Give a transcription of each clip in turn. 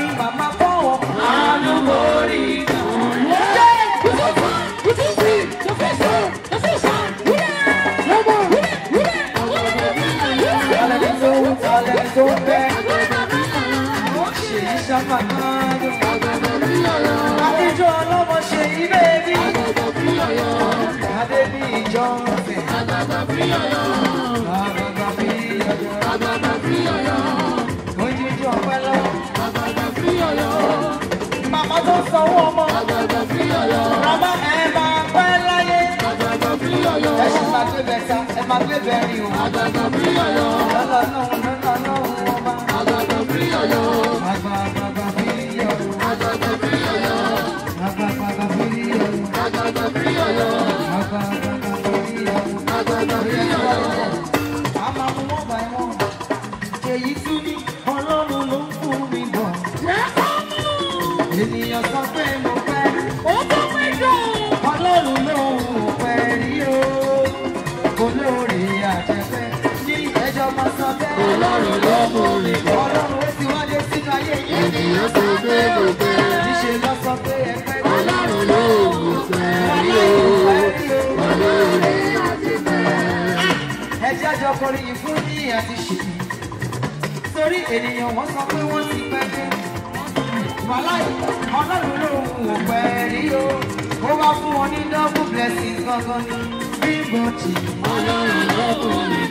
ni màmá bọ̀wọ̀. àánú borí kùnlé. Àtijọ́ ọlọ́mọ ṣe ibẹ̀ bí. Adébí ìjọ ń fẹ̀. Àgbàgbà bí ọ̀yọ́. Àgbàgbà bí ọ̀yọ́. Àgbàgbà bí ọ̀yọ́. máa gbé bẹ̀rẹ̀ o. àgbàgbà bí ọ̀yọ́. lọ́lọ́lọ́ lọ́lọ́lọ́ ọba. àgbàgbà bí ọ̀yọ́. àgbàgbà bí ọ̀yọ́. àgbàgbà bí ọ̀yọ́. àgbàgbà bí ọ̀yọ́. àgbàgbà bí ọ̀yọ́. àgbàgbà bí ọ̀yọ́. a máa mú wọ́n bá wọn. èyí tún ní ọlọ́run ló ń fún mi bọ̀. ènìyàn sọ pé mo fẹ́. ó tó fẹ́ dùn. Ọlọ́run lọ́kùnrin kan. Ọlọ́run ó ti wáyé sínú ayé yìí. Ènìyàn ti gbé gbogbo ẹ̀. Níṣẹ́ lọ sọ pé ẹ fẹ́. Ọlọ́run ló wù sẹ́rí o. Ọlọ́run ní àti bẹ́ẹ̀. Ẹ jẹ́ àjọ kọrin yìí fún ní àti ṣì. Torí ènìyàn wọ́n sọ pé wọ́n ti pẹ́ dé. Wàláì, ọlọ́run ló wù pẹ̀lú o. Ó wá fún wọn ní double blessing gangan ní. Bí mo jì, ọlọ́run lọ́kùnrin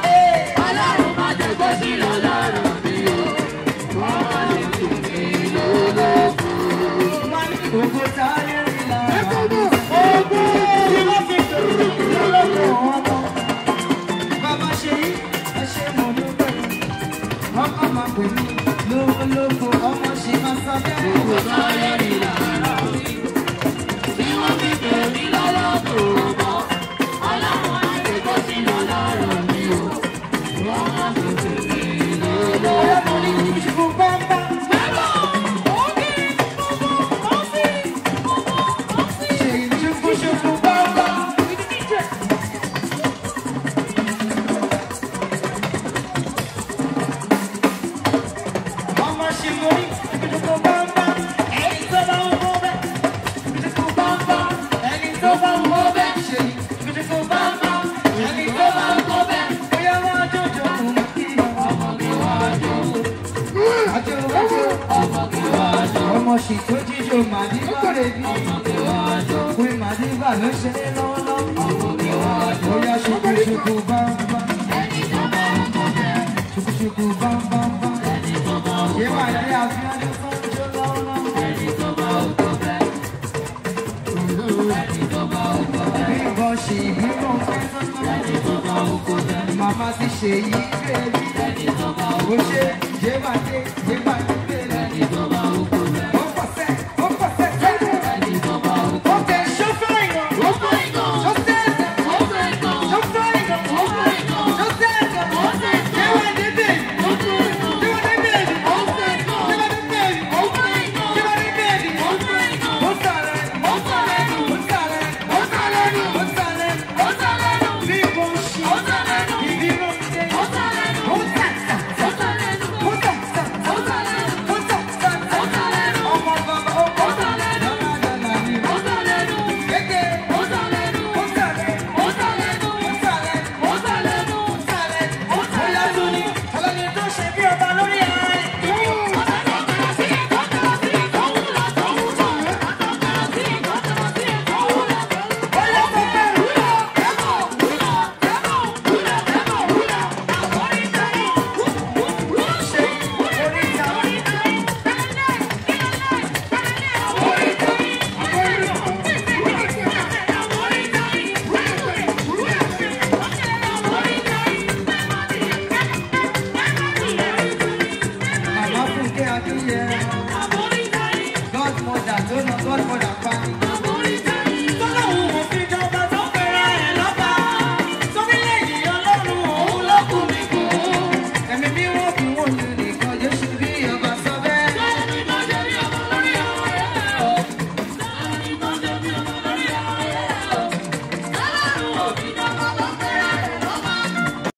àjò ọmọ sì tó jíjó màdí kòrè bí pé màdí bà ló ṣe é lọ́wọ́lọ́wọ́ bóyá ṣùkúṣùkú bá ń bá ṣùkúṣùkú bá ń bá ń bá ṣé màdí àfihàn ló fẹ́ jó lọ́wọ́lọ́wọ́ bí ìbọn ṣì bí mò ń fẹ́ màmá ti ṣèyí bẹ́ẹ̀ bí ó ṣe é. Débate, débate.